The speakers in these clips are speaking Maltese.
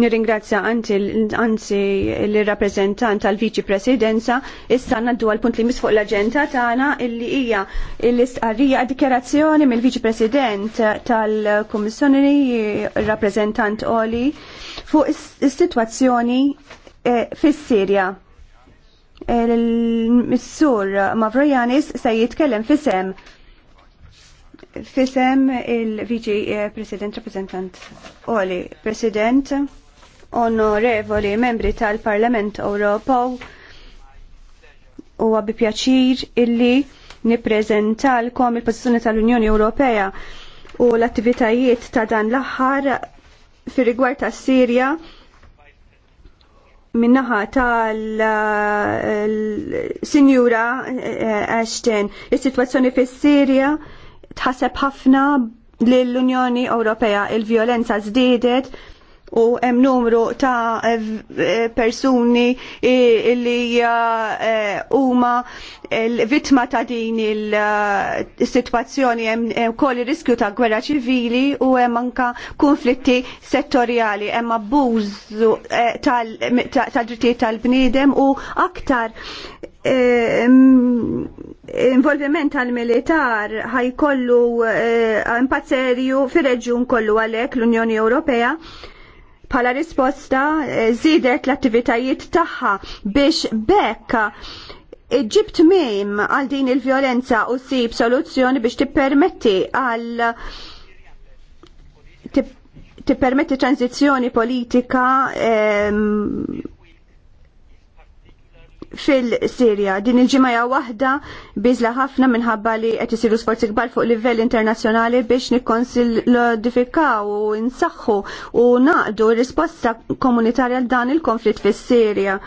Nirringrazzja anzi l-rappresentant tal-Viċi Presidenza, issa naddu għal-punt li misfuq l-agenda tagħna illi hija l-istqarrija dikjerazzjoni mill-Viċi President tal-Kummissjoni rappresentant Oli fuq is-sitwazzjoni eh, fis-Sirja. Eh, Missur Mavrojanis se jitkellem fisem fisem il-Viċi President Rappresentant Oli President onorevoli membri tal-Parlament Ewropew huwa bi pjaċir illi nippreżentalkom il-pożizzjoni tal-Unjoni Ewropea u l-attivitajiet ta' dan l-aħħar fir rigward ta' Sirja minnaħa tal-Sinjura eh, eh, Ashton. Is-sitwazzjoni fis-Sirja tħaseb ħafna lill-Unjoni Ewropea il-vjolenza żdiedet u hemm numru ta' persuni li e, huma vittma ta' din il-sitwazzjoni e, hemm ukoll riskju ta' gwerra ċivili u hemm anka konflitti settorjali, hemm abbuż e, tal-drittijiet tal-bniedem u aktar involviment tal-militar ħajkollu impatt serju fir-reġjun kollu għalhekk l-Unjoni Ewropea Pala risposta eh, zidet l-attivitajiet tagħha biex bekk iġib tmim għal din il-violenza u sib soluzzjoni biex tippermetti għal tippermetti tranzizjoni politika ehm, fil-Sirja. Din il-ġimgħa waħda biżla ħafna minħabba li qed isiru sforzi kbar fuq livell internazzjonali biex nikkonsilodifikaw u nsaħħu u naqdu r risposta komunitarja l dan il-konflitt fis-Sirja.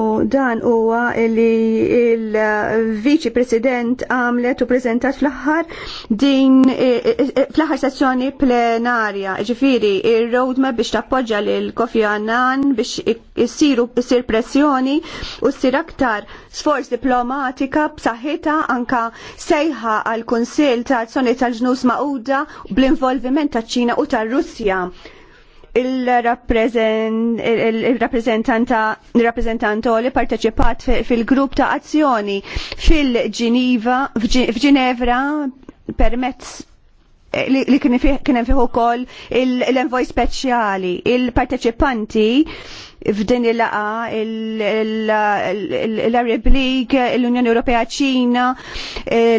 U dan huwa li il-Viċi President għamlet u prezentat fl-aħħar din fl-aħħar sessjoni plenarja, ġifiri il-roadmap biex tappoġġa lil Kofi Annan biex issiru issir pressjoni u ssir aktar sforz diplomatika b'saħħitha anka sejħa għal kunsill tal-soni tal-ġnus Mauda bl-involviment taċ-Ċina u tar-Russja il-rappreżentanta li parteċipat fil-grupp ta' azzjoni fil-Ġiniva, f'Ġinevra, permezz eh, li kien hemm fih ukoll l-envoj speċjali, il-parteċipanti f'din il-laqa l-Arab League, l-Unjoni Ewropea ċina,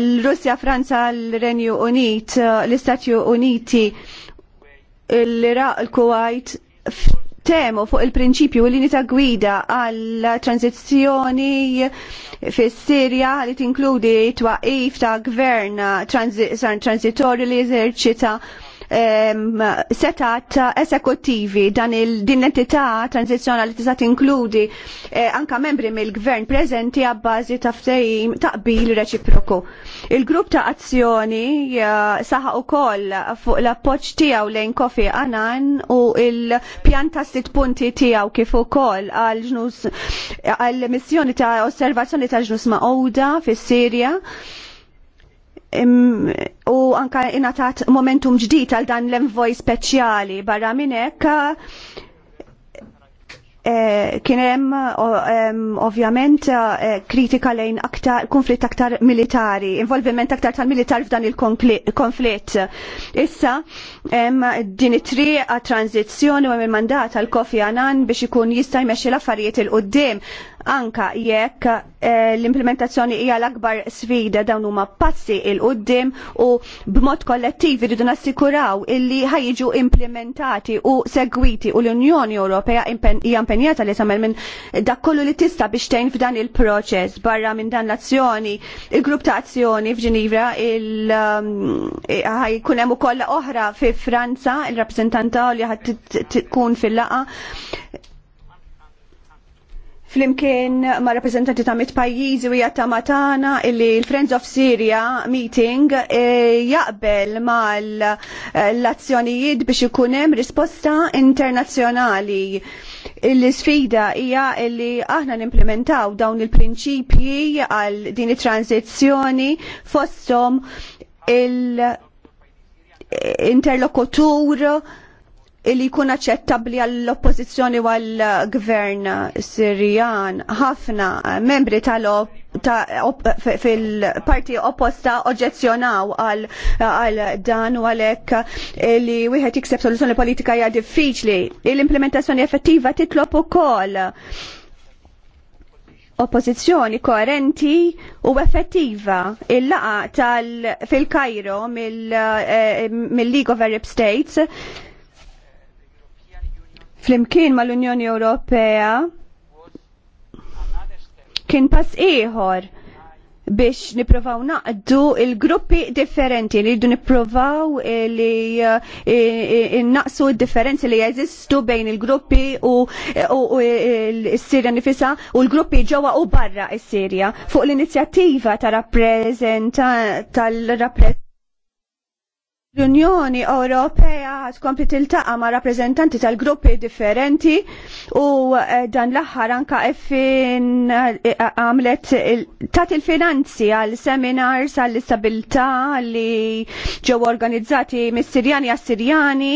l-Russja, Franza, l-Renju Unit, l-Istati Uniti l-Iraq, il-Kuwait temu fuq il-prinċipju li ta' gwida għal tranzizzjoni fis sirja li tinkludi twaqif ta' gvern transitorju li jeżerċita setat esekutivi dan il-din l-entità tranzizjonali tista' tinkludi eh, anka membri mill-gvern preżenti għabbażi ta' ftehim taqbil reċiproku. Il-grupp ta' azzjoni eh, saħa ukoll fuq l-appoġġ tiegħu lejn Kofi għanan u il-pjan ta' sitt punti tiegħu kif ukoll għal ġnus għal missjoni ta' osservazzjoni ta' ġnus ma' fis-Sirja u anka inatat momentum ġdid għal dan l-envoj speċjali barra minn hekk E, kien hemm ovvjament eh, kritika lejn aktar konflitt aktar militari, involviment aktar tal-militar f'dan il-konflitt. Issa hemm din it-triqa tranzizzjoni u għem il-mandat għal Kofi għanan biex ikun jista' jmexxi l-affarijiet il-qudiem anka jekk eh, l-implementazzjoni hija l-akbar sfida dawn huma passi il qudiem u b'mod kollettiv irridu nassikuraw illi ħajġu implementati u segwiti u l-Unjoni Ewropea hija impenjata li tagħmel minn dak kollu li tista' biex tgħin f'dan il-proċess barra minn dan l-azzjoni, il-grupp ta' azzjoni f'Ġinivra il um, ħajkun hemm ukoll oħra fi Franza, il-rappreżentanta li ħad tkun fil-laqa flimkien ma' rappresentanti ta' mit pajjiżi u jatta matana illi l-Friends of Syria meeting e, jaqbel mal l-azzjonijiet biex ikunem risposta internazzjonali. L-sfida hija illi aħna nimplementaw dawn il-prinċipji għal din it-tranzizzjoni fostom il-interlokutur li jkun aċċettabbli għall-oppożizzjoni u għall-gvern Sirjan ħafna membri fil-parti opposta oġezzjonaw għal dan u għalhekk li wieħed jikseb soluzzjoni politika hija diffiċli. L-implementazzjoni effettiva titlob ukoll oppożizzjoni koerenti u effettiva il-laqa tal fil-Kajro eh, mill-League of Arab States flimkien mal-Unjoni Ewropea kien pass ieħor biex niprofaw naqdu il-gruppi differenti li jiddu niprofaw eh, li eh, eh, naqsu differenzi li jeżistu bejn il-gruppi u s-Sirja nifisa u l-gruppi ġewwa u barra s-Sirja fuq l-inizjattiva ta' rappreżentant tal-rappreżentant L-Unjoni Ewropea ħad kompli tiltaqa ma' rappreżentanti tal-gruppi differenti u eh, dan l-aħħar anka effin eh, għamlet tat il-finanzi għal seminars għall istabilità li ġew organizzati mis-Sirjani għas-Sirjani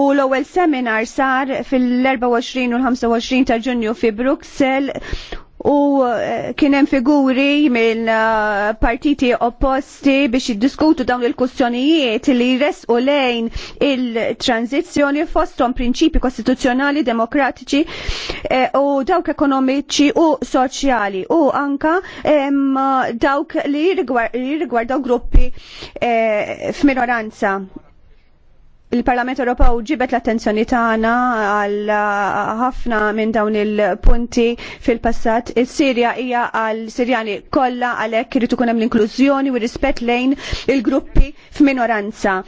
u l-ewwel seminar sar fil-24 u l-25 ta' Ġunju fi Bruxelles u eh, kienem figuri minn eh, partiti opposti biex jiddiskutu dawn il-kustjonijiet li res u lejn il-tranzizjoni fostom prinċipi kostituzzjonali demokratiċi eh, u dawk ekonomiċi u soċjali u anka dawk li jirgwardaw gruppi f'minoranza il-Parlament Ewropew ġibet l-attenzjoni tagħna għal ħafna minn dawn il-punti fil-passat. Is-Sirja hija għal Sirjani kollha għalhekk irid ikun hemm l-inklużjoni u rispett lejn il-gruppi f'minoranza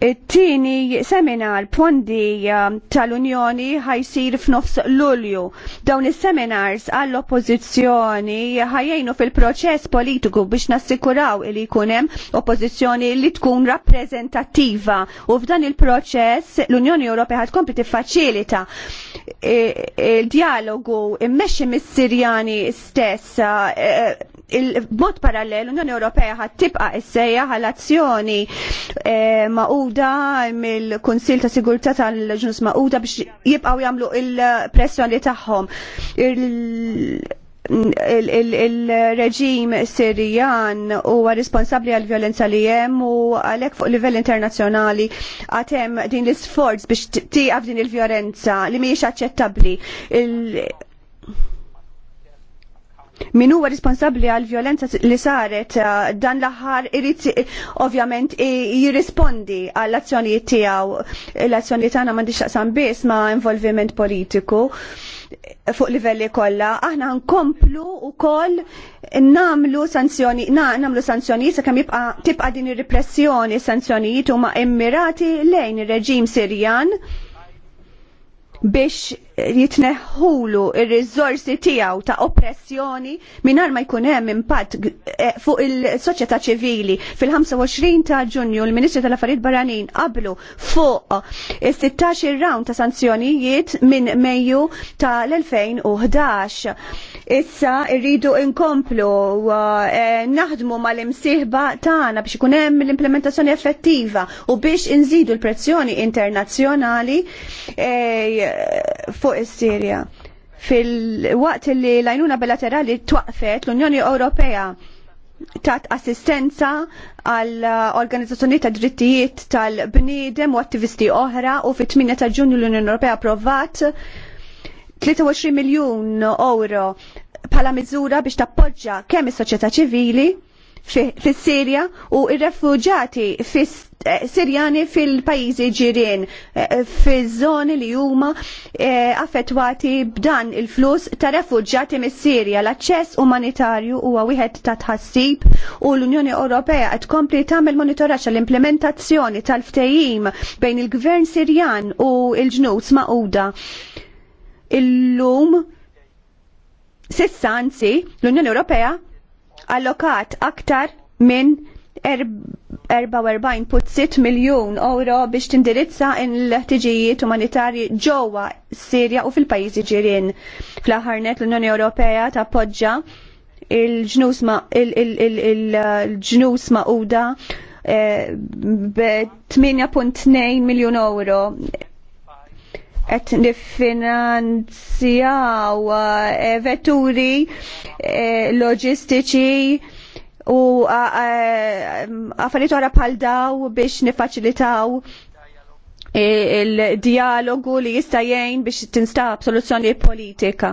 it-tini seminar pondi um, tal-Unjoni ħajsir f'nofs Lulju. Dawn is-seminars għall oppożizzjoni ħajjejnu fil-proċess politiku biex nassikuraw li jkun hemm oppożizzjoni li tkun rappreżentattiva u f'dan il-proċess l-Unjoni Ewropea ħad kompli tiffaċilita eh, eh, il-dialogu immexxi mis-Sirjani stess eh, il-mod parallel l-Unjoni Ewropea ħad tibqa' issejja azzjoni eh, maquda mill-Kunsil ta' Sigurtà tal-Ġnus Maquda biex jibqgħu jagħmlu il-pressjoni tagħhom. Il-reġim Sirjan huwa responsabbli għal violenza li hemm u għalhekk fuq livell internazzjonali għad hemm din l-isforz biex tieqaf din il-vjolenza li mhijiex aċċettabbli min huwa responsabbli għal violenza li saret eh, dan l-aħħar irid eh, ovvjament jirrispondi għall azzjonijiet tiegħu. L-azzjonijiet tagħna m'għandix xaqsam biss ma' involviment politiku fuq livelli kollha. Aħna nkomplu wkoll nagħmlu sanzjoni, nagħmlu namlu sanzjoni sa kemm tibqa' din ir-repressjoni sanzjonijiet huma immirati lejn ir-reġim Sirjan biex jitneħħulu il-rizorsi tijaw ta' oppressjoni minar ma jkun hemm impatt eh, fuq il-soċjetà ċivili. Fil-25 ta' Ġunju l-Ministru tal-Affarijiet Barranin qablu fuq 16 round ta' sanzjonijiet minn Mejju tal-2011. Issa rridu inkomplu uh, eh, naħdmu mal-imsieħba tagħna biex ikun hemm l-implementazzjoni effettiva u biex inżidu l-pressjoni internazzjonali eh, fuq is-Sirja. Fil-waqt li l-għajnuna bilaterali twaqfet l-Unjoni Ewropea tat assistenza għall organizzazzjoni ta' drittijiet tal-bniedem u attivisti oħra u fit-8 ta' ġunju l-Unjoni Ewropea approvat 23 miljun euro bħala miżura biex tappoġġa kemm is-soċjetà ċivili fis-Sirja u ir-refuġati eh, Sirjani fil-pajjiżi ġirien eh, fiż-żoni li huma eh, affettwati b'dan il-flus ta' refuġġati mis-Sirja. L-aċċess umanitarju huwa wieħed ta' tħassib u l-Unjoni Ewropea qed tkompli tagħmel monitoraġġ għall implementazzjoni tal-ftehim bejn il-Gvern Sirjan u l-ġnus Magħquda Illum sissa anzi l-Unjoni Ewropea allokat aktar minn 44.6 miljon euro biex tindirizza l-ħtiġijiet umanitarji ġewwa Sirja u fil-pajjiżi ġirien. Fl-aħħar net l-Unjoni Ewropea tappoġġa il-ġnus il-ġnus maquda 8.2 eh, miljon euro qed niffinanzjaw eh, vetturi eh, loġistiċi u għafarit eh, għara pal daw biex nifacilitaw il-dialogu li jista' jgħin biex tinstab soluzzjoni politika.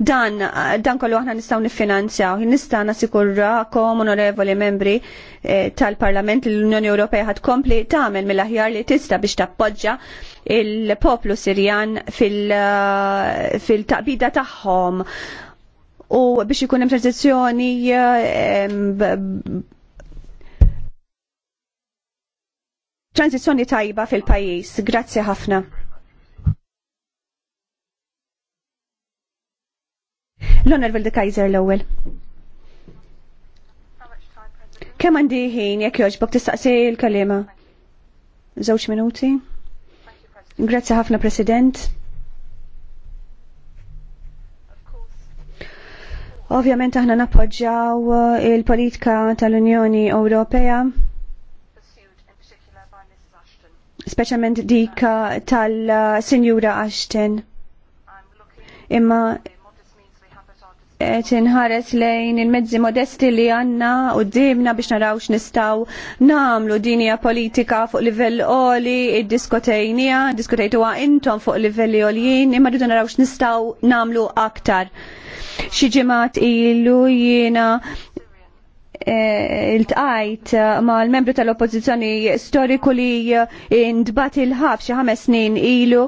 Dan, dan kollu aħna nistgħu niffinanzjaw. Nista' nasikurakom, onorevoli membri tal-Parlament l-Unjoni Ewropea ħad kompli tagħmel mill-aħjar li tista' biex tappoġġa il-poplu Sirjan eh, fil-taqbida tagħhom u biex ikun hemm tranzizzjoni eh, tranzizzjoni tajba fil-pajjiż. Grazzi ħafna. L-Honorable de Kaiser l ewel Kemm għandi ħin jekk jogħġbok tistaqsi l-kalima? Żewġ minuti? Grazzi ħafna President. Ovvjament aħna nappoġġjaw eh, il-politika tal-Unjoni Ewropea speċjalment dik eh, tal-Sinjura Ashton. Imma tinħares inħares lejn il-mezzi modesti li għanna u dimna biex narawx nistaw namlu dinja politika fuq livell oli, id-diskotejnija, diskotejtuwa intom fuq livelli olijin, imma rridu narawx nistaw namlu aktar. Xi ġimgħat ilu jiena eh, il-tqajt ma l-membru tal-oppozizjoni storiku li ndbat il ħaf xi ħames snin ilu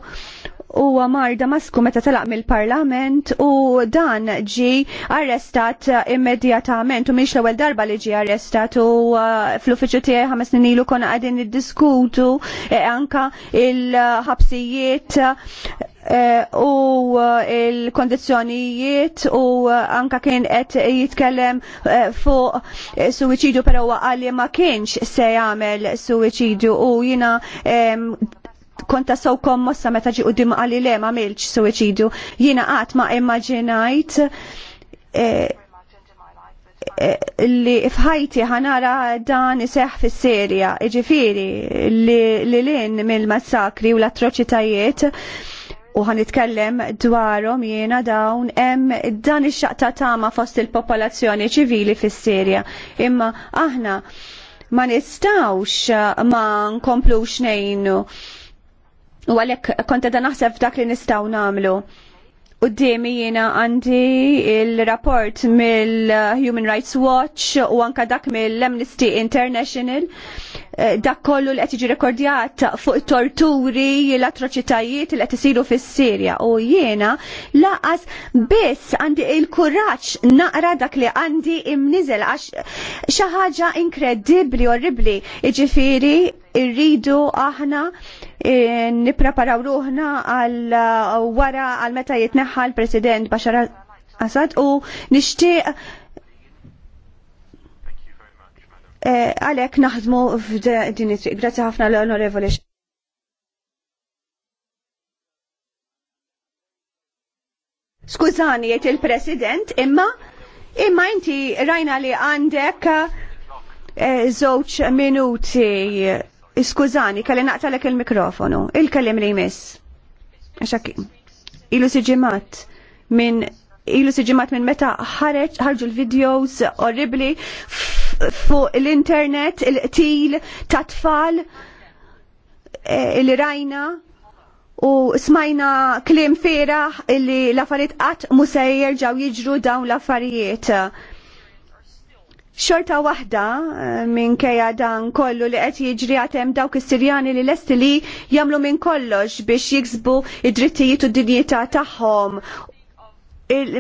huwa marda masku meta telaq mill-parlament u dan ġi arrestat immedjatament u miex l-ewwel darba li ġi arrestat u uh, fl-uffiċċju tiegħi ħames snin ilu konna qegħdin niddiskutu eh, anka il-ħabsijiet eh, u eh, il-kondizjonijiet u anka kien qed jitkellem fuq suwiċidju però huwa għalli ma kienx se jagħmel suwiċidju u jiena konta sowkom mossa meta ġi qudiem għali le ma milx suwiċidu. Jiena qatt ma immaġinajt eh, eh, li fħajti ħanara dan iseħ fis serja iġifiri li lin mill-massakri u l-atroċitajiet u ħanitkellem dwarhom jiena dawn hemm dan ix-xaq ta' tama fost il-popolazzjoni ċivili fis serja Imma aħna ma nistawx ma nkomplux ngħinu U għalhekk konta da naħseb dak li nistgħu nagħmlu. Uddimi jiena għandi il-rapport mill-Human Rights Watch u anka dak mill-Amnesty International Eh, dak kollu li qed jiġi rekordjat fuq it torturi, l-atroċitajiet li qed isiru fis-Sirja u jiena laqas biss għandi il-kuraġġ naqra dak li għandi imniżel għax xi ħaġa inkredibbli orribbli jiġifieri irridu aħna eh, nippreparaw ruħna għal eh, wara għal meta jitneħħa l-President Bashar Assad u nixtieq Eh, għalek naħdmu f'din it-triq. Grazzi ħafna l-onorevoli. Skużani, jgħid il-President, imma imma inti rajna li għandek zoċ eh, minuti. Skużani, kalli naqtalek il-mikrofonu. il kallim li jmiss. Għaxak, ilu siġimat minn ilu siġimat minn meta ħarġu l-videos orribli fuq l-internet, il-qtil ta' tfal eh, il-rajna u smajna klim feraħ illi l-affarijiet qatt musajjer ġaw jiġru dawn l-affarijiet xorta waħda eh, minn kejja dan kollu li qed jiġri għatem dawk is-Sirjani li lesti li jagħmlu minn kollox biex jiksbu id-drittijiet u d-dinjità tagħhom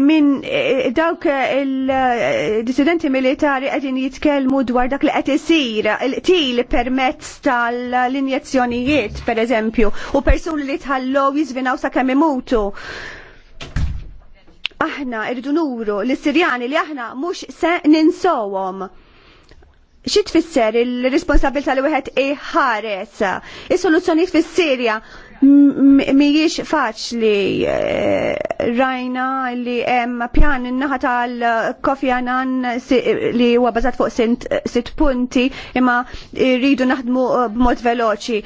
minn eh, dawk eh, il-dissidenti militari qegħdin jitkellmu dwar dak li qed isir il-qtil permezz tal-injezzjonijiet pereżempju u persuni li tħallew jiżvinaw sakemm imutu. Aħna irridu nuru l-Sirjani li aħna mhux se ninsowhom xi tfisser il-responsabilità li wieħed iħares? Is-soluzzjonijiet fis-Sirja Mijiex faċli eh, rajna li hemm pjan n naħa tal-Kofi Annan li huwa bażat fuq sitt punti imma rridu naħdmu eh, b'mod veloċi.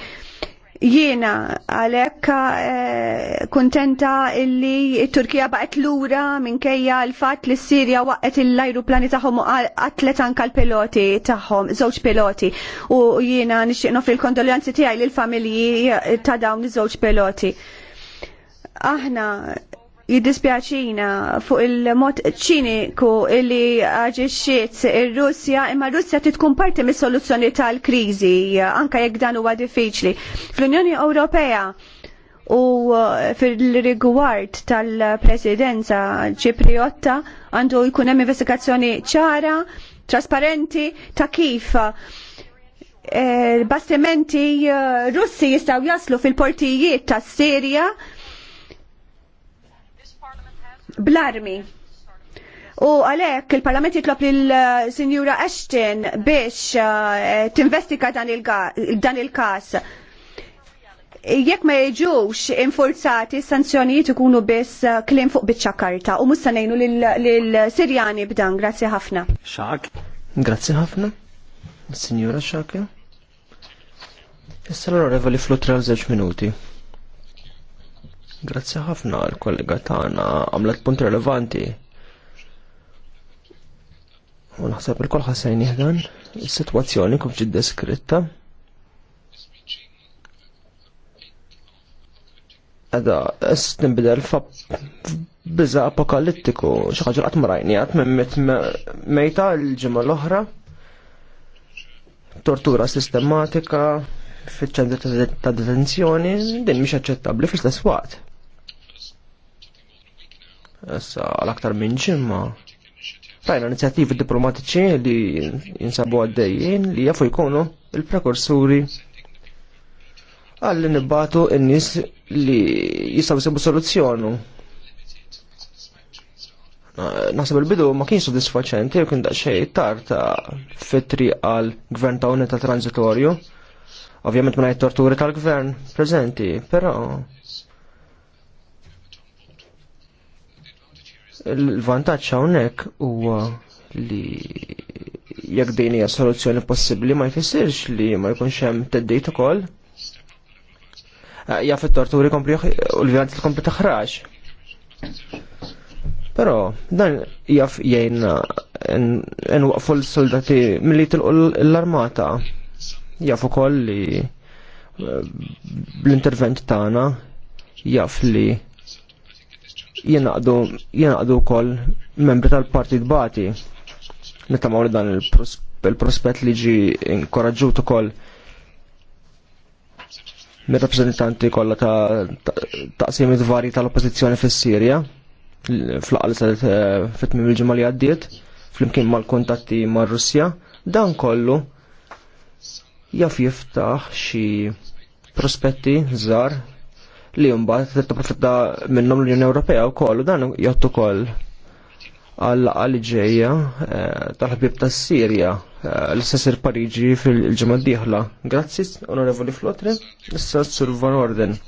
Jiena għalek eh, kontenta illi Turkija baqet lura minkejja l-fat li s-Sirja waqet l-ajruplani u għatlet anka l-piloti taħom, żewġ piloti. U jiena nixtieq nofri l-kondoljanzi tiegħi lill-familji ta' dawn iż-żewġ piloti. Aħna jiddispjaċina fuq il-mod ċiniku li ġiċiet il-Russja, imma Russja titkun parti mis soluzzjoni tal-krizi, anka jekk dan huwa diffiċli. Fl-Unjoni Ewropea u fil-rigward tal-presidenza ċipriotta għandu jkun hemm investigazzjoni ċara, trasparenti ta' kif eh, bastimenti eh, russi jistaw jaslu fil-portijiet tas-Sirja bl-armi. U għalek il-Parlament jitlob lil-Sinjura eh, Ashton biex eh, tinvestika dan il-kas. Jekk ma jiġux infurzati sanzjonijiet ikunu biss eh, klim fuq biċċa karta u musta ngħinu lil-Sirjani b'dan, grazzi ħafna. Xak. Grazzi ħafna. Sinjura Xaka. Issa l-onorevoli flutra l minuti. Grazzi ħafna għal kollega tagħna għamlet punt relevanti. U naħseb il-kol ħassajn jihdan is-sitwazzjoni kif ġid deskritta. Għada, s tinbidel biza apokalittiku, xaħġa l-għat marajni, għat mejta l-ġimma l-oħra, tortura sistematika, fiċċan ta' detenzjoni, din mhix aċċettabbli fl-istess waqt issa għal-aktar minn ġimma. Rajna inizjattivi diplomatiċi li jinsabu għaddejjien li jafu jkunu il-prekursuri għalli nibbatu n-nis li jistaw jisibu soluzzjonu. Nasib il-bidu ma kien soddisfaċenti u kien daqxej tarta fitri għal gvern ta' unita transitorju. Ovvjament ma torturi tal-gvern prezenti, però Il-vantaġġ hawnhekk huwa li jekk din hija soluzzjoni possibbli ma jfissirx li ma jkunx hemm teddejt ukoll. Jaf it-torturi kompli u l-vjanti vjant tkompli taħraġ. Però dan jaf jgħinna waqfu l-soldati milli l-armata. Jaf ukoll li eh, l-intervent tagħna jaf li jenaqdu jenaqdu kol membri tal-partit bati. Nittamaw li dan il-prospett li ġi inkoraġġut ukoll mir-rappresentanti kollha ta' taqsimiet varji tal-oppożizzjoni fis-Sirja fl-aqal saret fit-tmim il-ġimgħa li għaddiet flimkien mal-kontatti mar-Russja dan kollu jaf jiftaħ xi prospetti żgħar li mbagħad titta minnhom l-Unjoni Ewropea wkoll u dan jottu ukoll għal ġeja eh, tal-ħbib tas-Sirja eh, l-sessir Parigi fil-ġimgħa d-dieħla. Grazzi, Onorevoli Flotre, issa sessur Van Orden.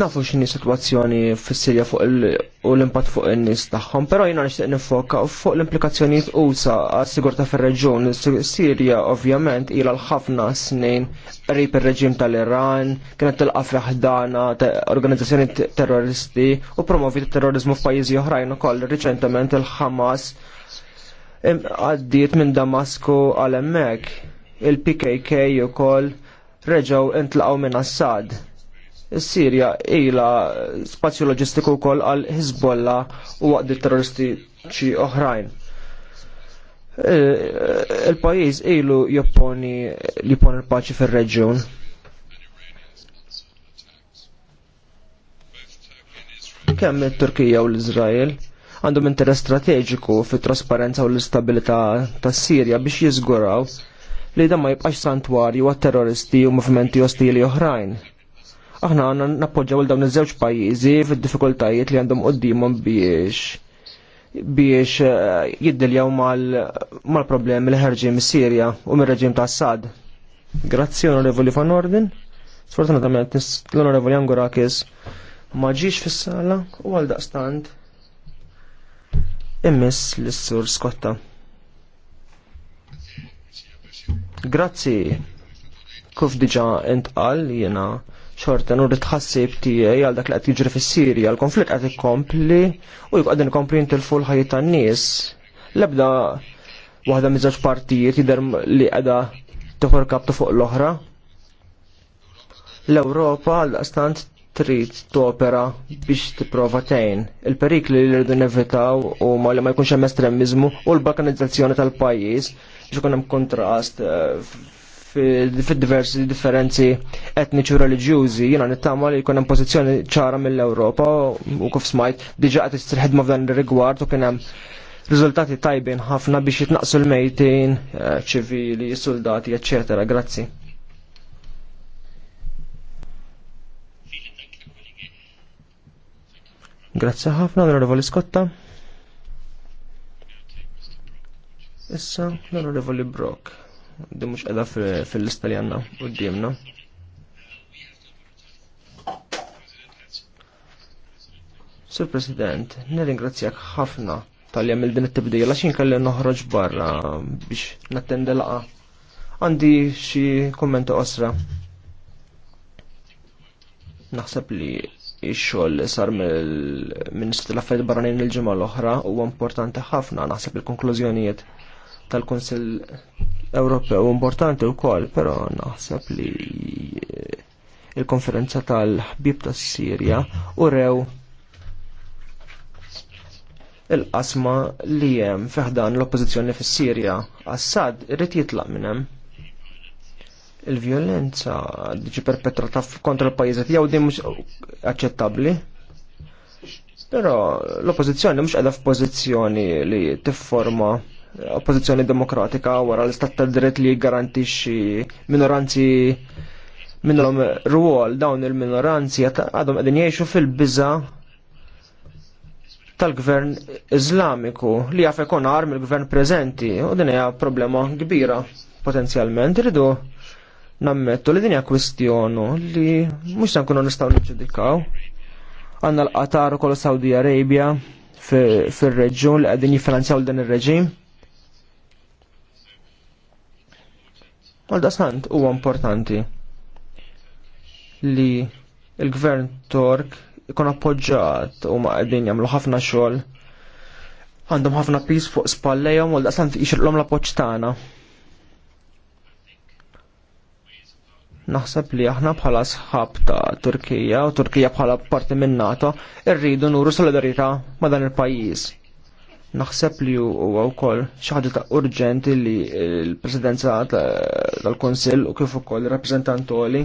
nafu x'inhi sitwazzjoni fis-Sirja fuq u l-impatt fuq in-nies tagħhom, però jina nixtieq nifoka fuq l-implikazzjonijiet usa għas-sigurtà fir-reġjun. Sirja ovvjament ilha l-ħafna snin qrib ir-reġim tal-Iran, kienet tilqa' fi ħdana organizzazzjoni terroristi u promovi terrorizmu f'pajjiżi oħrajn ukoll riċentement il-Ħamas għaddiet minn Damasku għal emmek il-PKK ukoll reġgħu intlaqgħu minn Assad Sirja ila spazju loġistiku wkoll għal Hezbollah u għaqdi terroristiċi oħrajn. E, il pajiz ilu jopponi li pon il-paċi fir-reġjun. Kemm il turkija u l-Iżrael għandhom interess strateġiku fit trasparenza u l-istabilità tas-Sirja biex jiżguraw li dan ma jibqax santwarju għat terroristi u movimenti ostili oħrajn Aħna għanna nappoġġaw il dawn iż-żewġ pajjiżi fid-diffikultajiet li għandhom qoddimhom biex biex eh, jiddiljaw mal-problemi li ħarġin mis-Sirja u mir-reġim ta' Assad. Grazzi onorevoli Van Orden. Sfortunatament l-onorevoli Angurakis ma ġiex fis-sala u għal daqstant immiss l-sur Skotta. Grazzi. Kuf diġa intqal jena ċorta, nur tħassib tiegħi għal dak li qed jiġri fis-Sirja, l-konflitt qed ikkompli u jqgħod inkompli jintilfu l-ħajja tan-nies. L-ebda waħda miż partijiet jidher li qiegħda toħor kaptu fuq l-oħra. L-Ewropa għal stant trid topera biex tipprova tgħin. Il-perikli li rridu nevitaw huma li ma jkunx hemm estremiżmu u l-balkanizzazzjoni tal-pajjiż biex ikun hemm kontrast eh, fi diversi differenzi etniċi u reliġjużi. Jiena nittama li jkun hemm pożizzjoni ċara mill-Ewropa u kif smajt diġà qed issir ħidma f'dan ir-rigward u kien hemm riżultati tajbin ħafna biex jitnaqsu l-mejtin, eh, ċivili, soldati, ecc. Grazzi. Grazzi ħafna, l-Onorevoli Iskotta. Issa, l-Onorevoli Brock di mux edha fil-lista li għanna u d Sur President, nirringrazzjak ħafna tal-li għamil din it tibdejla laxin kalli noħroġ barra biex nattende laqa. Għandi xi kommenti osra. Naħseb li ix-xogħol li sar mill-Ministru tal-Affarijiet Barranin il-ġimgħa l-oħra huwa importanti ħafna naħseb il-konklużjonijiet tal-Kunsill Ewropew importanti wkoll, però naħseb li eh, il-konferenza tal-ħbib tas-Sirja u rew il-qasma li hemm feħdan l-oppożizzjoni fis-Sirja. Assad irid jitlaq minn hemm. Il-vjolenza diġi perpetrata kontra l-pajjiżet jew din mhux aċċettabbli. Però l-oppożizzjoni mhux qiegħda f'pożizzjoni li tifforma oppożizzjoni demokratika wara l-istat ta' dritt li garantixxi minoranzi minnhom ruol dawn il-minoranzi għadhom qegħdin jgħixu fil-biża tal-gvern Iżlamiku li jaf ikun arm il-gvern preżenti u din hija problema kbira potenzjalment Irridu nammettu li din hija kwistjonu li mhux se nkunu nistgħu niġġudikaw. Għandna l-Qatar u kol Saudi Arabia fir-reġjun li qegħdin jiffinanzjaw din ir-reġim. Għal sant huwa importanti li il-gvern Tork ikun appoġġat u ma qegħdin jagħmlu ħafna xogħol għandhom ħafna pis fuq spallejhom u daqsant jixirqlhom l-appoġġ tagħna. Naħseb li aħna bħala sħab ta' Turkija u Turkija bħala parti minn NATO irridu nuru solidarità ma' dan il-pajjiż. Naħseb li huwa wkoll xi ħaġa ta' urġenti li l-Presidenza tal-Kunsill u kif ukoll rappreżentantoli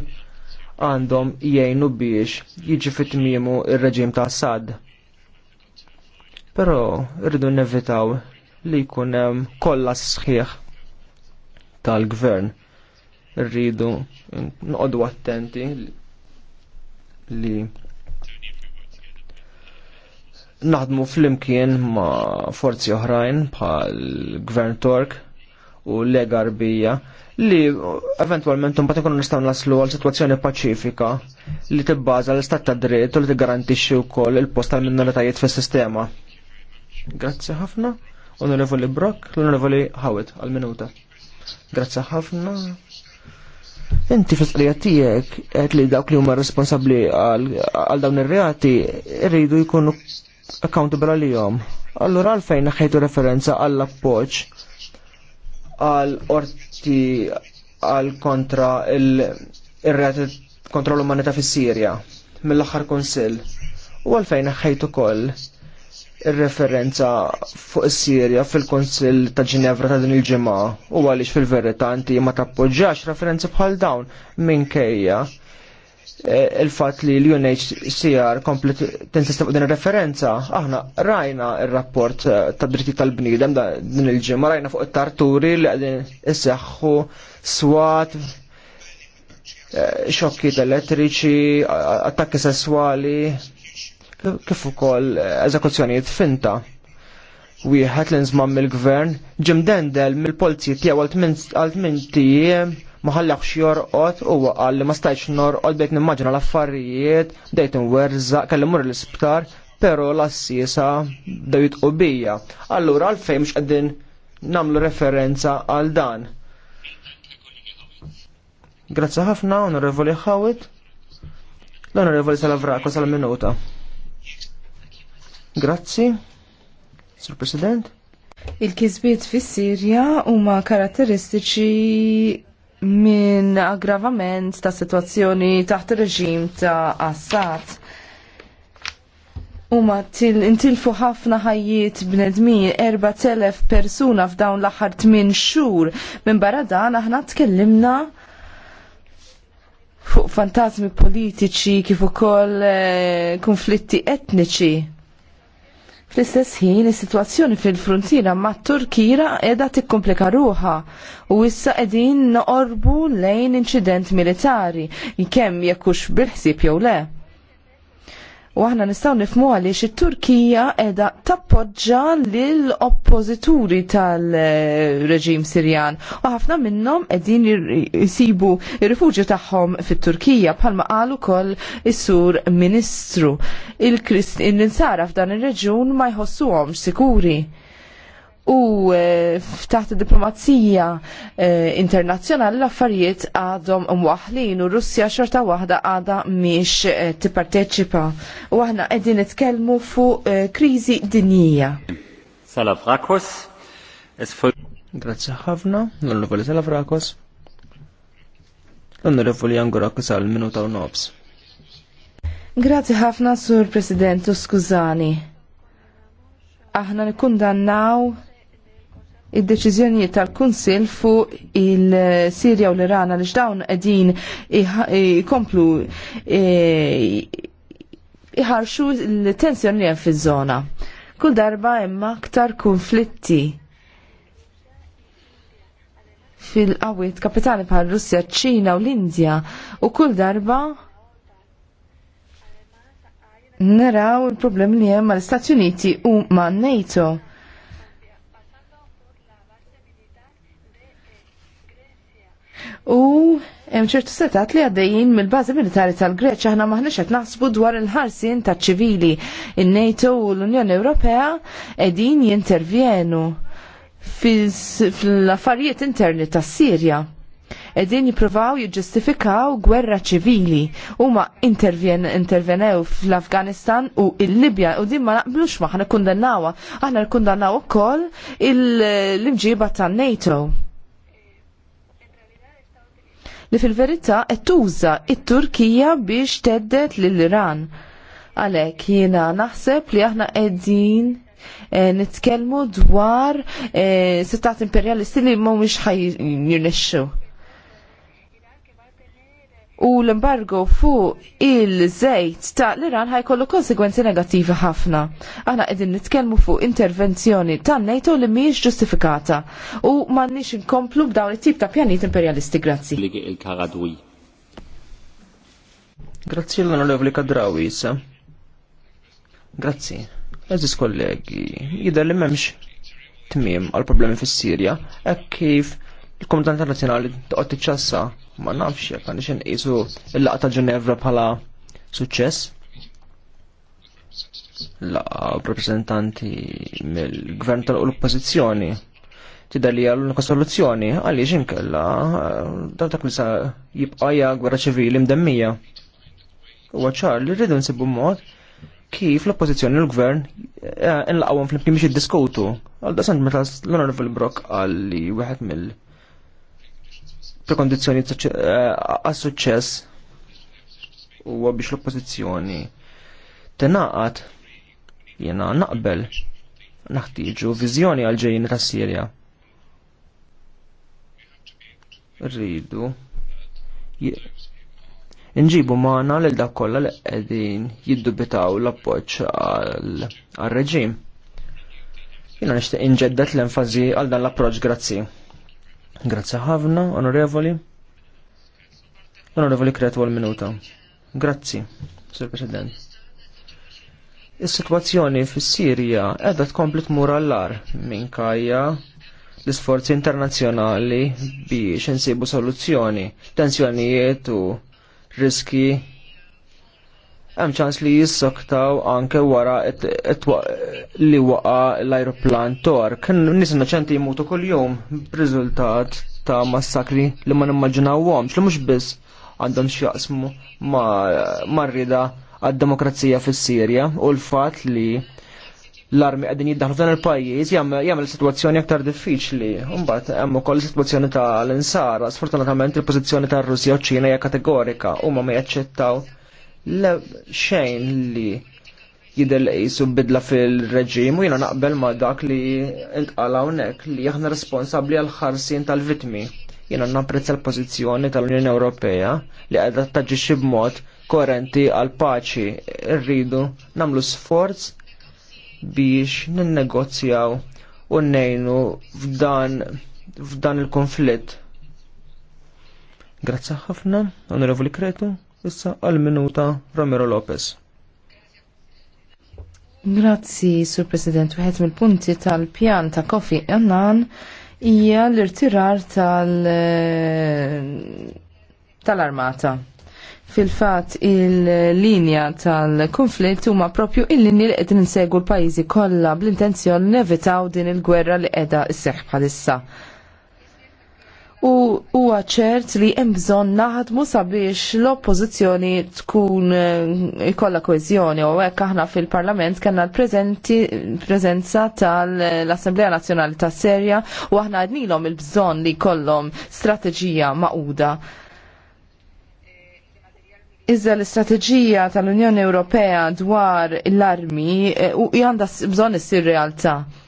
għandhom jgħinu biex jiġi fit-tmiemu ir-reġim ta' Assad. Però rridu nevitaw li jkun hemm kollha sħiħ tal-gvern. Rridu noqogħdu attenti li naħdmu fl-imkien ma' forzi oħrajn bħal Gvern Tork u Lega Arbija li eventualment mbagħad ikunu nistaw naslu għal sitwazzjoni paċifika li tibbaża l-istat ta' dritt u li tiggarantixxi wkoll il-post tal-minoritajiet fis-sistema. Grazzi ħafna. Onorevoli Brock, l-Onorevoli Howard għal-minuta. Grazzi ħafna. Inti fil-qrija tiegħek qed li dawk li huma responsabbli għal dawn ir-reati rridu jkunu accountable għal-jom. Allura għalfejn ħajtu referenza għall-appoġġ għal orti għal kontra il-reati kontra l umanita fis sirja mill-axar konsil. U għalfejn ħajtu koll il-referenza fuq Sirja fil-Konsil ta' Ġinevra ta' din il ġemma u għaliex fil-verità anti ma tappoġġax referenza bħal dawn kejja. Eh, il-fat li l-UNHCR komplet tinsista fuq din referenza aħna rajna il-rapport eh, ta' dritti tal-bnidem din il-ġimma rajna fuq it-tarturi li għadin isseħħu swat eh, xokki elettriċi attakki sessuali kif ukoll eżekuzzjonijiet finta wieħed l-inżmam mill-gvern Jim Dendel mill-polizija tiegħu għal tmien ma ħallax jorqod u għal ma stajċ norqod bejt nimmaġna l-affarijiet, bdejt nwerza, kelli mur l-isptar, pero l-assisa bdejt u bija. Allura għalfejn mux għaddin namlu referenza għal dan. Grazzi ħafna, onorevoli ħawit. L-onorevoli Salavrako sal-minuta. Grazzi, Sir President. Il-kizbiet fis-Sirja huma karatteristiċi minn aggravament ta' situazzjoni taħt reġim ta' Assad. Uma til intilfu ħafna ħajjiet bnedmin 4000 persuna f'dawn l-aħħar 8 xhur. Minn barra dan aħna tkellimna fuq fantasmi politiċi kif ukoll eh, konflitti etniċi Fl-istess ħin, is-sitwazzjoni fil-frontiera mat turkira qiegħda tikkomplika ruha u issa qegħdin noqorbu lejn inċident militari, kemm jekkux bil-ħsieb jew le. U aħna nistgħu nifmu għaliex it-Turkija qiegħda tappoġġa l oppożituri tal-reġim Sirjan u ħafna minnhom qegħdin jsibu r-rifuġju tagħhom fit-Turkija bħalma qal ukoll is-sur Ministru. Il-Ninsara f'dan ir-reġun ma jħossuhomx sikuri u eh, taħt diplomazija eh, internazzjonali l-affarijiet għadhom mwaħlin u Russja xorta waħda għadha miex eh, tipparteċipa. U aħna qegħdin nitkellmu fuq kriżi dinjija. Salafrakos, Grazie ħafna, l-onorevoli Rakos. L-onorevoli Angurakos għal minuta u nofs. Grazie ħafna, Sur President, u skużani. Aħna nikkundannaw id-deċiżjonijiet tal-Kunsil fuq il-Sirja u l-Iran għaliex dawn qegħdin ikomplu e, iħarxu l-tensjoni li hemm fiż-żona. Kull darba imma aktar konflitti fil-qawit kapitali bħal Russja, ċina u l-Indja u kull darba naraw il-problemi li hemm mal-Istati Uniti u ma' NATO U hemm ċertu setat li għaddejjin mill-bażi militari tal-Greċ aħna maħniex qed naħsbu dwar il-ħarsien taċ-ċivili. In-NATO u l-Unjoni Ewropea qegħdin jintervjenu fil-affarijiet interni tas-Sirja edin jiprovaw jiġġustifikaw gwerra ċivili. Huma intervjen intervenew fl-Afganistan u il-Libja u din ma naqblux maħna kundannawa. Aħna kundannaw ukoll l-imġiba tan-NATO li fil-verità qed tuża it-Turkija biex teddet lill-Iran. Għalhekk jiena naħseb li aħna qegħdin E, nitkellmu dwar e, sittat imperjalisti li mhumiex ħaj jirnexxu u l-embargo fuq il-żejt ta' l-Iran ħajkollu konsekwenzi negattivi ħafna. Aħna qegħdin nitkellmu fuq intervenzjoni ta' NATO li mhijiex ġustifikata u m'għandniex inkomplu b'dawn it-tip ta' pjanijiet imperjalisti. Grazzi. Grazzi l-onorevoli Kadrawi issa. Grazzi. Eżis kollegi, jidher li m'hemmx tmiem għal problemi fis-Sirja, hekk kif il-Komitat Internazzjonali toqgħod tiċċassa ma nafx jekk għandix inqisu l-laqgħa ta' Ġenevra bħala suċċess. La rappresentanti mill-gvern tal-oppożizzjoni tidher li għal l soluzzjoni għaliex inkella dan eh, dak li sa jibqajja gwerra ċivili mdemmija. Huwa ċar li rridu nsibu mod kif l-oppożizzjoni u l-gvern eh, inlaqgħuhom fl-imkien biex jiddiskutu. Għal dasan meta l-Onorevoli Brock għalli wieħed mill- ta' kondizjoni eh, għas suċċess u biex l-oppozizjoni tenaqat jena naqbel naħtiġu vizjoni għal-ġejjin ta' Sirja. Rridu Nġibu maħna l dak kolla li qegħdin jiddubitaw l-appoġġ għal-reġim. Jiena nixtieq inġeddet l-enfazi għal dan l-approċċ grazzi. Grazzi ħafna, onorevoli. Onorevoli kretu għal-minuta. Grazzi, Sir President. Is-sitwazzjoni fis-Sirja qiegħda tkompli tmur għall-ar minkajja l-isforzi internazzjonali biex insibu soluzzjoni, tensjonijiet u riski hemm ċans li jissoktaw anke wara li waqa l-ajruplan tork. nis innoċenti jmutu kuljum b'riżultat ta' massakri li ma nimmaġinawhomx li mhux biss għandhom x'jaqsmu marrida għad-demokrazija fis-Sirja u l-fatt li l-armi għedin jiddaħlu f'dan il-pajjiż jagħmel situazzjoni aktar diffiċli. Mbagħad hemm ukoll is-sitwazzjoni tal-insara. Sfortunatament il-pożizzjoni tar-Russja u ċina hija kategorika huma ma jaċċettaw xejn li jidel jisu bidla fil-reġim u jina naqbel ma dak li intqala hawnhekk li aħna responsabbli għal ħarsin tal-vitmi. Jina napprezza l-pożizzjoni tal-Unjoni Ewropea li qiegħda taġixxi b'mod korenti għal paċi. Irridu nagħmlu sforz biex ninnegozjaw u nejnu f'dan f'dan il-konflitt. Grazzi ħafna, Onorevoli Kretu. Issa għal-minuta Romero Lopez. Grazzi, Sur President. Wieħed mill-punti tal-pjan ta' Kofi Annan hija l-irtirar eh, tal-armata. Tal armata fil il-linja tal-konflitt huma propju il-linji li qed insegu l-pajjiżi kollha bl-intenzjon nevitaw din il-gwerra li qiegħda sseħħ bħalissa u huwa ċert li hemm bżonn naħdmu sabiex l-oppożizzjoni tkun eh, ikollha koeżjoni u hekk aħna fil-Parlament kellna l-preżenza tal-Assemblea Nazzjonali tas Serja u aħna għadnilhom il-bżonn li jkollhom strateġija maquda. Iżda l-istrateġija tal-Unjoni Ewropea dwar l-armi eh, u għandha bżonn issir realtà. realtà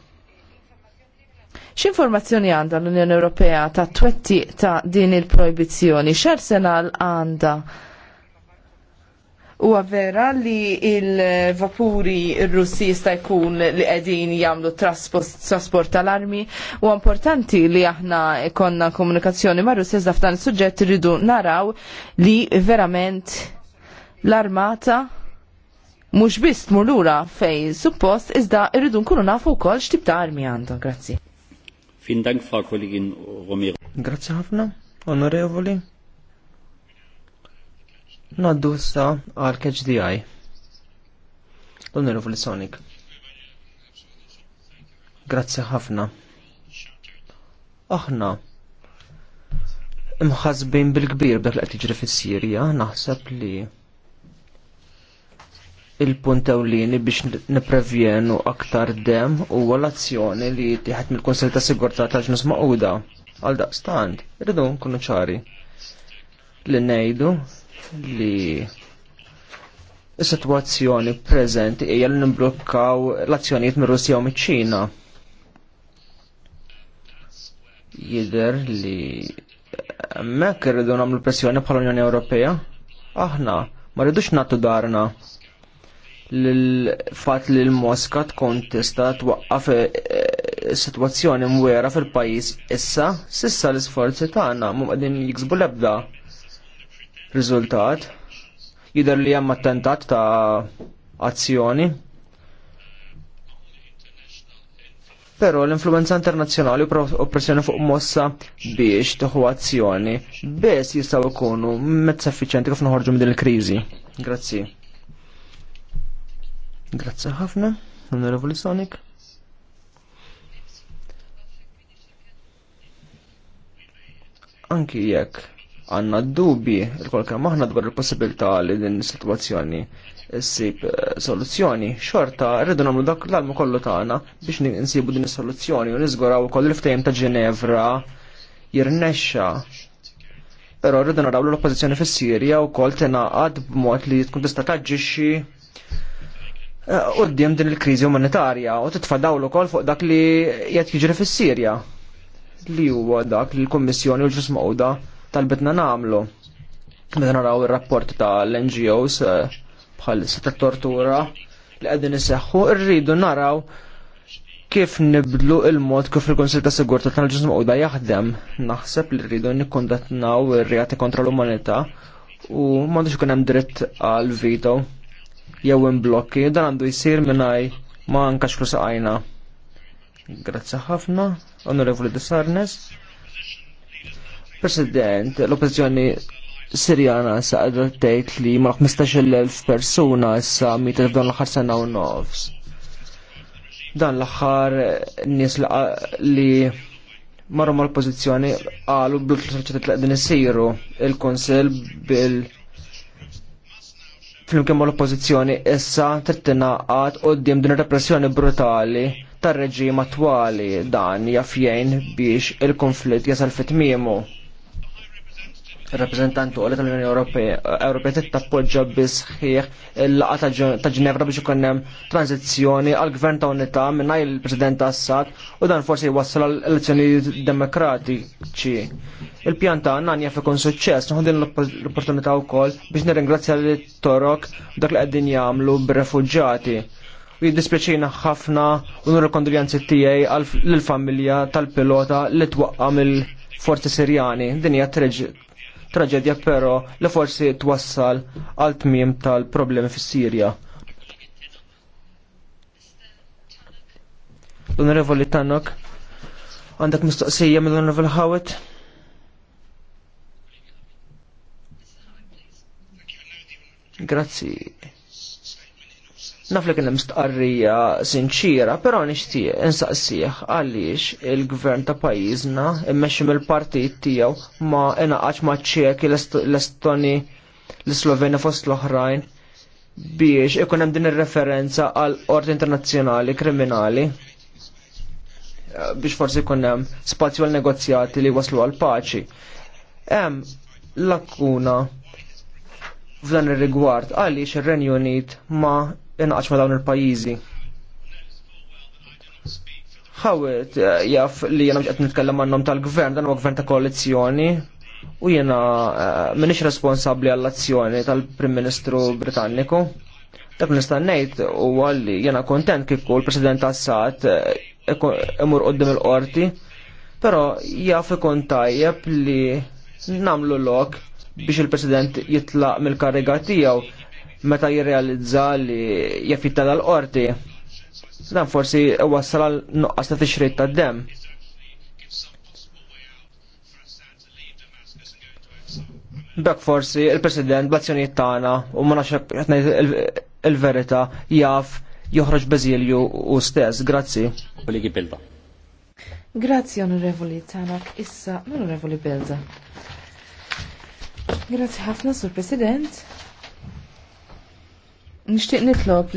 X'informazzjoni għandha l-Unjoni Ewropea ta' twetti ta' din il-projbizzjoni? X'arsenal għandha? U vera li il-vapuri russi jista' jkun li qegħdin jagħmlu trasport tal-armi u importanti li aħna konna komunikazzjoni ma' Russi iżda f'dan is-suġġett irridu naraw li verament l-armata mhux biss tmur lura fejn suppost iżda irridu nkunu nafu wkoll x'tib ta' armi għandhom. Grazzi. Vielen Dank, Kollegin Romero. Grazie ħafna, onorevoli. Naddu sa għal KHDI. onorevoli Sonic. Grazie ħafna. Aħna imħazbin bil-kbir b'dak li qed jiġri fis-Sirja, naħseb li il-punt ewlieni biex neprevjenu aktar dem u l-azzjoni li tieħed mill konsil ta' Sigurtà ta' ġnus Maquda. Għal daqstant, irridu nkunu ċari li ngħidu li situazzjoni sitwazzjoni preżenti hija li nimblukkaw l-azzjonijiet mir-Russja u miċ-Ċina. Jidher li hemmhekk irridu nagħmlu pressjoni bħal unjoni Ewropea. Aħna ma rridux nagħtu darna l-fat li l-Moska tkun tista twaqqaf eh, eh, situazzjoni mwera fil-pajis issa, sissa l-isforzi tagħna mhum qegħdin jiksbu l-ebda riżultat. Jidher li hemm attentat ta' azzjoni. Però l-influenza internazzjonali u pressjoni fuq mossa biex tieħu azzjoni biss jistgħu jkunu mezz effiċjenti kif noħorġu minn din il-kriżi. Grazzi. Grazzi ħafna, Onorevoli Sonic. Anki jekk għanna dubi il-kol maħna aħna dwar il-possibilità li din is-sitwazzjoni ssib eh, soluzzjoni, xorta rridu nagħmlu dak l-almu kollu tagħna biex nsibu din is-soluzzjoni u niżguraw kol il-ftehim ta' Ġenevra jirnexxa Però rridu naraw l-oppożizzjoni fis-Sirja wkoll tingħaqad b'mod li tkun tista' taġġixxi Eh, qoddim din il-kriżi umanitarja u titfa' dawl ukoll fuq dak li qed jiġri fis-Sirja li huwa dak li l-Kummissjoni u l-ġus tal talbitna nagħmlu. Meta naraw ir-rapport tal-NGOs eh, bħal seta tortura li qegħdin iseħħu rridu naraw kif nibdlu il-mod kif il-Konsil ta' Sigurta tal-ġus mawda jaħdem. Naħseb li rridu nikkondatnaw ir-reati kontra l-umanità u m'għandux ikun hemm dritt għal vito jew imblokki, dan għandu jisir minnaj ma anka xkru saqajna. Grazzi ħafna, onorevoli de Sarnes. President, l-oppozizjoni Sirjana sa' tgħid li ma' 15,000 persuna issa mietet f'dan l ħar sena u nofs. Dan l-aħħar nis li marru mal-pożizzjoni qalu bil-3 din isiru il-Kunsill bil-, -bil flimkien mal oppożizzjoni issa trittinaqat qudiem din repressjoni brutali tar-reġim attwali dan jafjejn biex il-konflitt jasal fit-miemu u għalet l-Unjoni Ewropea tit tappoġġa bisħiħ il-laqa ta' Ġenevra biex ikun hemm tranzizzjoni għal gvern ta' unità minna il-President Assad u dan forsi jwassal għal elezzjoni demokratiċi. Il-pjan ta' għanna jaf ikun suċċess, nħu din l-opportunità wkoll biex nirringrazzja li torok dak li qegħdin jagħmlu b-refugġati. U jiddispjaċina ħafna u nur kondoljanzi tijaj għall familja tal-pilota li twaqqa mill-forzi Sirjani. Din hija traġedja però li forsi twassal għal tmiem tal-problemi fis-Sirja. L-Onorevoli Tannok, għandek mistoqsija mill-Onorevoli Hawit? Grazzi. Naf li kienem stqarrija sinċira, pero nixtieq insaqsih għaliex il-gvern ta' pajjiżna immexxi mill-partit tiegħu ma inaqax ma' ċeki l-Estoni l-Sloveni fost l-oħrajn biex ikun hemm din ir-referenza għal Qorti Internazzjonali Kriminali biex forsi jkun hemm spazju għal negozjati li waslu għal paċi. Hemm lakuna f'dan ir-rigward għaliex ir-Renju Unit ma' inqaċ ma dawn il-pajizi. Ħawet eh, jaf li jena mġqet nitkellem għannom tal-gvern, dan huwa gvern ta' koalizjoni, u jena eh, minix responsabli għall-azzjoni tal-Prim Ministru Britanniku. Dak nista' ngħid huwa li jena kontent kif l-President Assad eh, imur qoddim il-qorti, però jaf ikun tajjeb li namlu lok biex il-President jitlaq mill-kariga tiegħu meta jirrealizza li jaffitta dal-qorti. Dan forsi wassal għal nuqqas ta' t-ixrit ta' dem. Dak forsi il-President b'azzjonijiet tagħna u ma nafx il-verità jaf joħroġ Beżilju u stess. Grazzi. Kollegi Grazzi onorevoli Tanak, issa onorevoli Belda. Grazzi ħafna sur President. Nishtiq nitlob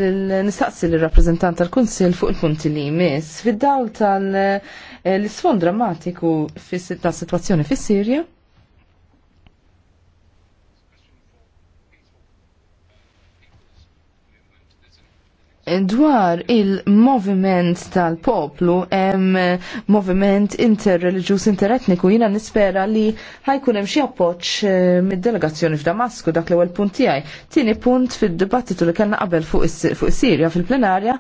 nistaqsi l-rappresentant tal-Kunsil fuq il-punti li jmiss fid-dawl tal-isfond eh, drammatiku fis-situazzjoni fis-Sirja. dwar il-moviment tal-poplu, hemm moviment interreligjus interetniku, jina nispera li ħajkun hemm xi appoġġ eh, mid-delegazzjoni f'Damasku dak l-ewwel punt tiegħi. Tieni punt fid-dibattitu li kellna qabel fuq is-Sirja fil-plenarja,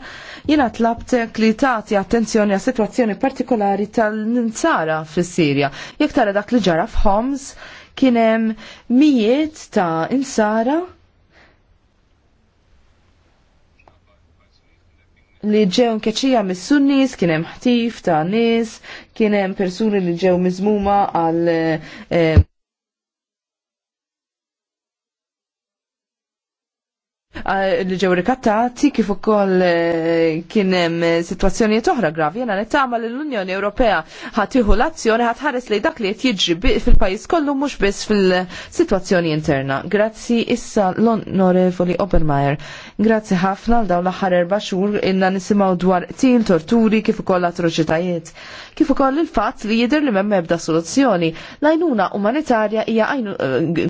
jiena tlabt li tagħti attenzjoni għas sitwazzjoni partikolari tal-ninsara fis-Sirja. Jekk tara dak li ġara f'Homs kien hemm mijiet ta' insara li ġew keċija mis-sunnis, kien hemm ħtif ta' nies, kien hemm persuni li ġew miżmuma għal eh, Eh, li ġew rikattati kif ukoll eh, kien hemm eh, sitwazzjonijiet oħra gravi. Jiena nittama li l-Unjoni Ewropea ħadd tieħu l-azzjoni ħadd ħares li dak li qed jiġri fil-pajjiż kollu mhux biss fil-sitwazzjoni interna. Grazzi issa l-Onorevoli Obermeier. Grazzi ħafna għal dawn l-aħħar erba' xhur inna nisimgħu dwar til, torturi kif ukoll atroċitajiet. Kif ukoll il-fatt li jidher li m'hemm ebda soluzzjoni. L-għajnuna umanitarja hija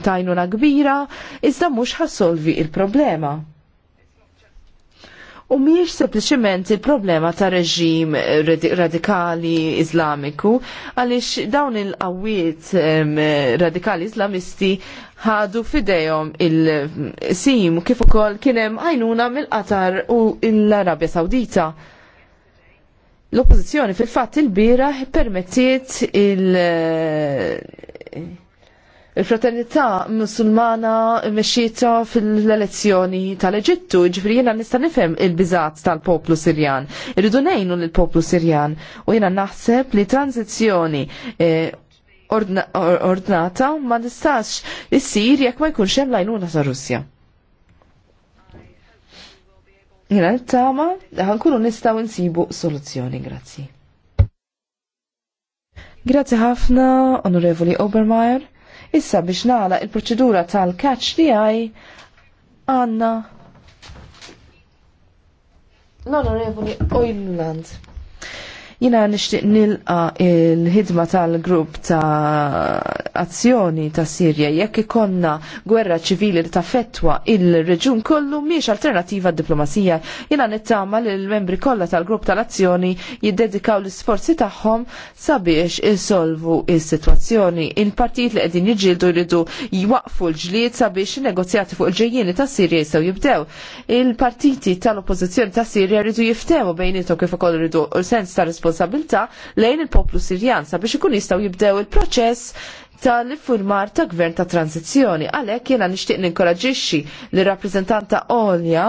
tajnuna kbira iżda mhux ħassolvi il-problema. U miex sepliciment il-problema ta' reġim radikali islamiku, għalix dawn il-qawiet radikali islamisti ħadu fidejhom il-sim kif ukoll kienem għajnuna mill-Qatar u l-Arabja Sawdita. L-oppozizjoni fil-fatt il-bira permettiet il- il-fraternità musulmana mexxita fil-elezzjoni tal-Eġittu, ġifri jena nista' nifhem il-biżat tal-poplu Sirjan. Irridu ngħinu lill-poplu Sirjan u jena naħseb li tranzizzjoni eh, ordnata ma nistax issir jekk ma jkunx hemm lajnuna ta' Russja. Jena nittama, ħankunu nistaw insibu soluzzjoni, grazzi. Grazzi ħafna, Onorevoli Obermeyer. Issa biex nagħlaq il-proċedura tal-catch li għaj għanna l-onorevoli Oilland. Jina nishtiq nilqa il-ħidma tal-grupp ta' azzjoni ta' Sirja jekk ikonna gwerra ċivili li fetwa il-reġun kollu miex alternativa diplomasija. Jina nittama li l-membri kollha tal-grupp tal-azzjoni jiddedikaw l-isforzi tagħhom sabiex isolvu il sitwazzjoni Il-partijiet li qegħdin jiġġieldu jridu jwaqfu l-ġlied sabiex negozjati fuq il-ġejjieni ta' Sirja jistgħu jibdew. Il-partiti tal-oppożizzjoni ta' Sirja jridu jiftemu bejnietom kif ukoll jridu sens ta' responsabilità responsabilta lejn il-poplu Sirjan sabiex ikun jistgħu jibdew il-proċess tal-iffurmar ta' gvern ta' tranzizjoni. Għalhekk jiena nixtieq ninkoraġixxi li rappreżentanta Olja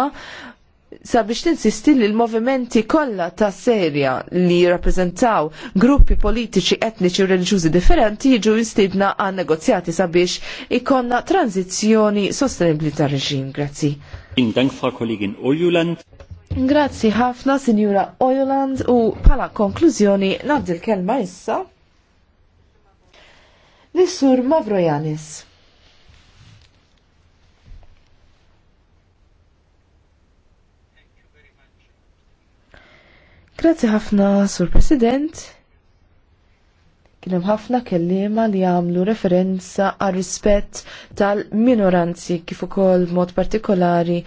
sabiex tinsisti li l-movimenti kollha ta' serja li jirrappreżentaw gruppi politiċi, etniċi u reliġjużi differenti jiġu jistiedna għan negozjati sabiex ikonna tranzizjoni sostenibli tar reġim Grazzi. Dank Frau Kollegin Grazzi ħafna, Sinjura Ojoland, u pala konklużjoni naddi kelma issa. Nissur Mavrojanis. Grazzi ħafna, Sur President. Kien hemm ħafna kelliema li għamlu referenza għal rispett tal-minoranzi kif ukoll b'mod partikolari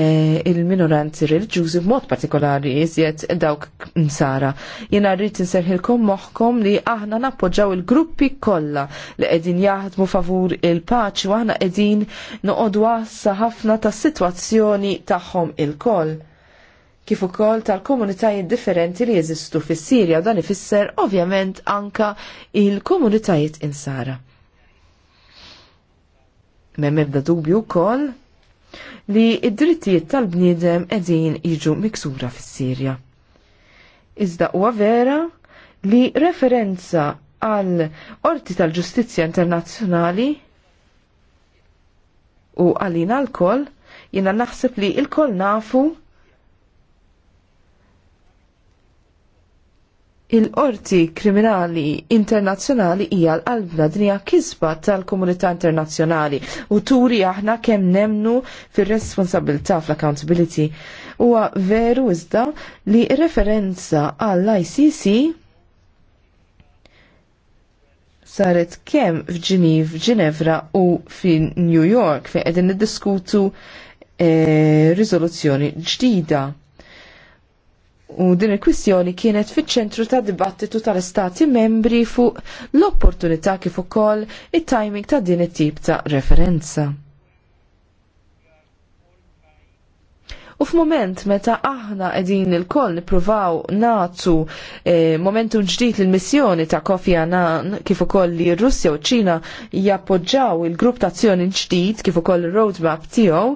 eh, il-minoranzi reliġjużi b'mod partikolari iżjed dawk msara. Jiena rrid inserħilkom moħħkom li aħna nappoġġaw il-gruppi kollha li qegħdin jaħdmu favur il-paċi u aħna qegħdin noqogħdu għassa ħafna tas-sitwazzjoni tagħhom il-koll kif ukoll tal-komunitajiet differenti li jeżistu fis-Sirja u dan ifisser ovvjament anka il-komunitajiet insara. Mem ebda dubju wkoll li id-drittijiet tal-bniedem qegħdin jiġu miksura fis-Sirja. Iżda huwa vera li referenza għal Orti tal-Ġustizzja Internazzjonali u għalina l-koll jina naħseb li il-koll nafu il-qorti kriminali internazzjonali hija l-qalbna dinja kisba tal-komunità internazzjonali u turi aħna kemm nemnu fir-responsabilità fl-accountability. Huwa veru iżda li referenza għall-ICC saret kemm f'Ġiniv, Ġinevra u fin New York fejn qegħdin niddiskutu eh, riżoluzzjoni ġdida u din il-kwistjoni kienet fiċ-ċentru ta' dibattitu tal-Istati membri fuq l-opportunità kif ukoll it-timing ta' din it-tip ta' referenza. U f'moment meta aħna qegħdin il-koll nippruvaw nagħtu e, eh, momentum ġdid lill-missjoni ta' Kofi Annan kif ukoll li r-Russja u ċina jappoġġaw il-grupp ta' azzjoni ġdijt kif ukoll ir roadmap tiegħu,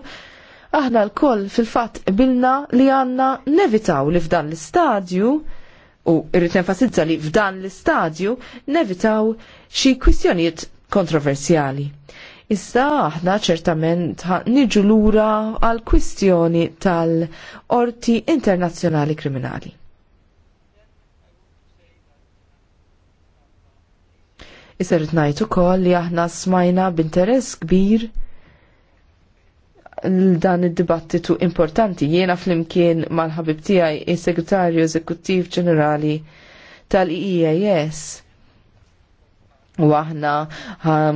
aħna l-koll fil-fat bilna li għanna nevitaw li f'dan l-istadju u irrit nenfasizza li f'dan l-istadju nevitaw xi kwistjonijiet kontroversjali. Issa aħna ċertament niġu lura għal kwistjoni tal-orti internazzjonali kriminali. Issa rritnajtu ngħid ukoll li aħna smajna b'interess kbir dan id-dibattitu importanti. Jiena flimkien mal-ħabib tiegħi is-Segretarju Eżekuttiv Ġenerali tal-IEAS e U aħna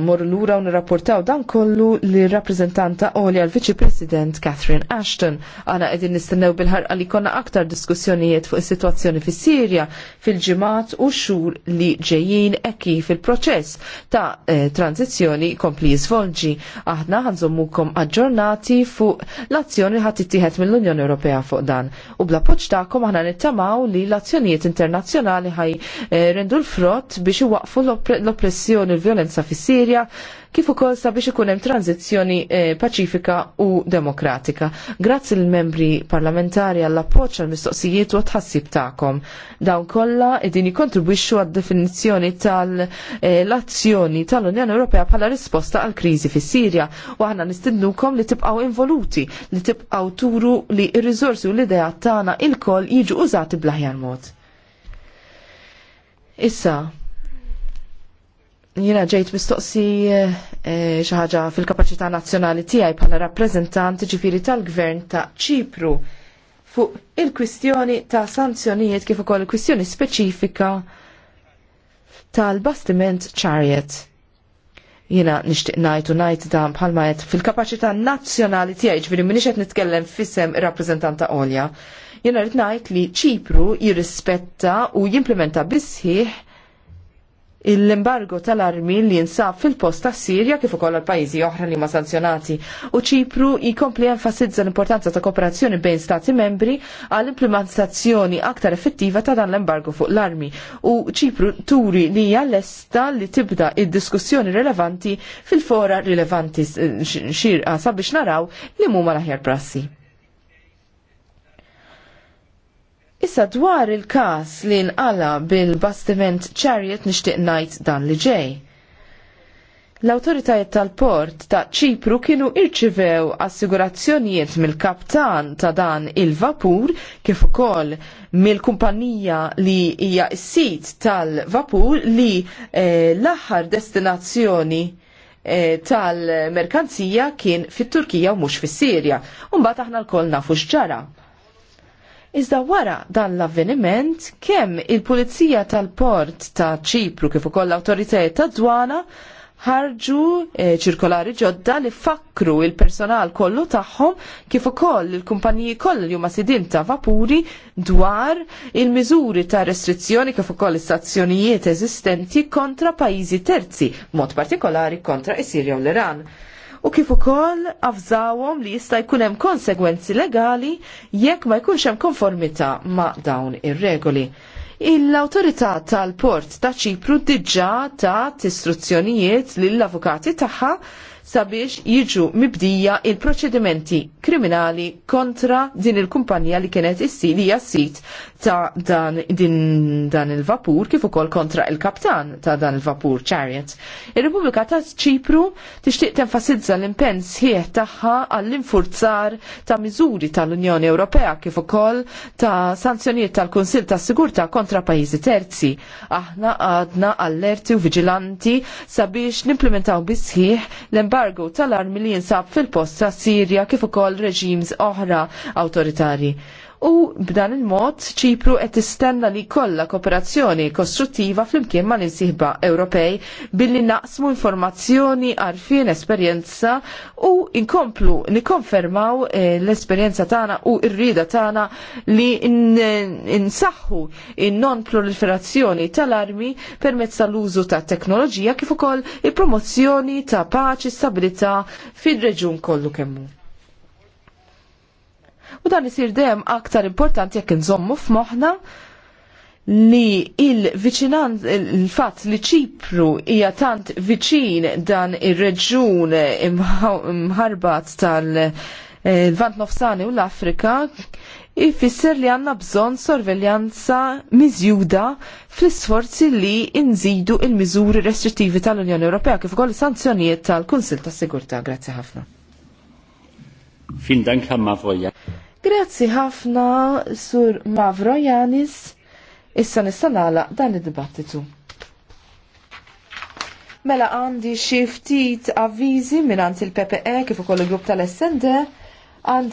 mor lura un nirrapportaw dan kollu li rappresentanta li għal viċi President Catherine Ashton. Għana edin nistennew bil-ħarqa li konna aktar diskussjonijiet fuq is-sitwazzjoni fis sirja fil-ġimat u xur li ġejjin e kif proċess ta' eh, tranzizjoni kompli jisvolġi. Aħna ħanżommukom aġġornati fuq l-azzjoni li ħadd ittieħed mill-Unjoni Ewropea fuq dan. U bla poċ aħna nittamaw li l-azzjonijiet internazzjonali ħaj eh, rendu l-frott biex iwaqfu l repressjoni l-violenza fis sirja kif ukoll sabiex ikun hemm tranzizzjoni eh, paċifika u demokratika. Grazzi lill membri parlamentari għall appoġġ għall mistoqsijiet u għat-ħassib tagħkom. Dawn kollha qegħdin jikkontribwixxu għad-definizzjoni tal-azzjoni eh, tal-Unjoni Ewropea bħala risposta għall kriżi fis sirja u aħna nistidnukom li tibqgħu involuti, li tibqgħu turu li r-riżorsi u l-idea tagħna il-koll jiġu użati bl-aħjar mod. Issa, Jina ġejt mistoqsi eh, eh, xaħġa fil-kapacità nazzjonali tiegħi bħala rappreżentant ġifiri tal-gvern ta' Ċipru fuq il-kwistjoni ta' sanzjonijiet kif ukoll il-kwistjoni speċifika tal-bastiment chariot. Jina nixtieq ngħid u ngħid dan bħalma qed fil-kapaċità nazzjonali tiegħi ġifieri m'iniex qed nitkellem f'isem ir-rappreżentant ta' Olja. Jina rrid ngħid li Ċipru jirrispetta u jimplementa bisħieħ l-embargo tal-armi li jinsab fil-post ta' Sirja kif ukoll l-pajjiżi oħra li ma sanzjonati u Ċipru jkompli enfasizza l-importanza ta' kooperazzjoni bejn stati membri għall implementazzjoni aktar effettiva ta' dan l-embargo fuq l-armi u Ċipru turi li hija lesta li tibda id-diskussjoni rilevanti fil-fora rilevanti xirqa sabiex naraw li huma l-aħjar prassi. Issa dwar il-kas li nqala bil-bastiment Chariot nixtieq ngħid dan li ġej. L-autoritajiet tal-port ta' ċipru kienu irċivew assigurazzjonijiet mill-kaptan ta' dan il-vapur kif ukoll mill-kumpanija li hija s-sit tal-vapur li eh, l-aħħar destinazzjoni eh, tal-merkanzija kien fit-Turkija u mhux fis-Sirja. Mbagħad aħna lkoll nafu x'ġara. Iżda wara dan l-avveniment, kemm il-Pulizija tal-Port ta' Ċipru kif ukoll l-Awtoritajiet ta' Dwana ħarġu eh, ċirkolari ġodda li fakru il-personal kollu tagħhom kif ukoll il-kumpaniji kollha li huma sidin ta' vapuri dwar il-miżuri ta' restrizzjoni kif ukoll is eżistenti kontra pajjiżi terzi, mod partikolari kontra isirja sirja u l-Iran u kif ukoll avżawhom li jista' jkun hemm konsegwenzi legali jekk ma jkunx hemm konformità ma' dawn ir-regoli. Il-autorità tal-port ta' Ċipru diġà ta' istruzzjonijiet lill-avukati tagħha sabiex jiġu mibdija il-proċedimenti kriminali kontra din il-kumpanija li kienet issilija jassit ta' dan, din, dan il-vapur kif ukoll kontra il-kaptan ta' dan il-vapur Chariot. Ir-Repubblika ta' Ċipru tixtieq tenfasizza l-impenn sħiħ tagħha għall-infurzar ta' miżuri tal-Unjoni Ewropea kif ukoll ta' sanzjonijiet tal-Kunsill tas-Sigurtà kontra pajjiżi terzi. Aħna għadna allerti u viġilanti sabiex nimplementaw bisħiħ l-embargo l-embargo tal-armi li jinsab fil-post ta' Sirja kif ukoll reġims oħra awtoritarji u b'dan il-mod ċipru qed tistenna li kollha kooperazzjoni kostruttiva flimkien ma' l Ewropej billi naqsmu informazzjoni għarfien esperjenza u inkomplu nikkonfermaw eh, l-esperjenza tagħna u r-rida tagħna li insaħħu in-non proliferazzjoni tal-armi permezz tal-użu ta' teknoloġija kif ukoll il-promozzjoni ta' paċi stabilità fir-reġjun kollu kemmu. U dan isir dejjem aktar importanti jekk inżommu f'moħħna li il-viċinan, il-fat li ċipru hija tant viċin dan ir-reġjun imħarbat tal-Vant eh, Nofsani u l-Afrika, ifisser li għanna bżon sorveljanza miżjuda fl-isforzi li nżidu il-miżuri restrittivi tal-Unjoni Ewropea kif ukoll is sanzjonijiet tal-Kunsil tas-Sigurtà. Grazzi ħafna. Fin dank Mavrojan. Grazzi ħafna sur Mavrojanis. Issa nistanala dan id-dibattitu. Mela għandi xi ftit avviżi minn il-PPE kif ukoll il-grupp tal-SND